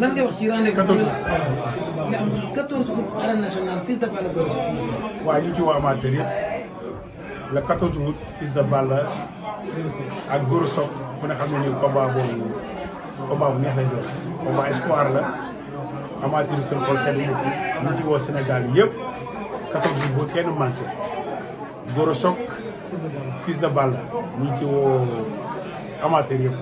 lan ñu ci waa amateur yëpp le 14 août fils de Balla ak Gora Sock ku ne xam ne nii combat boobu neex lay doon combat espoir la amateur yi seen xol seen nit ci woo Sénégal yëpp 14 kenn manqué Gora Sock de Balla ñu ci woo amateur yëpp.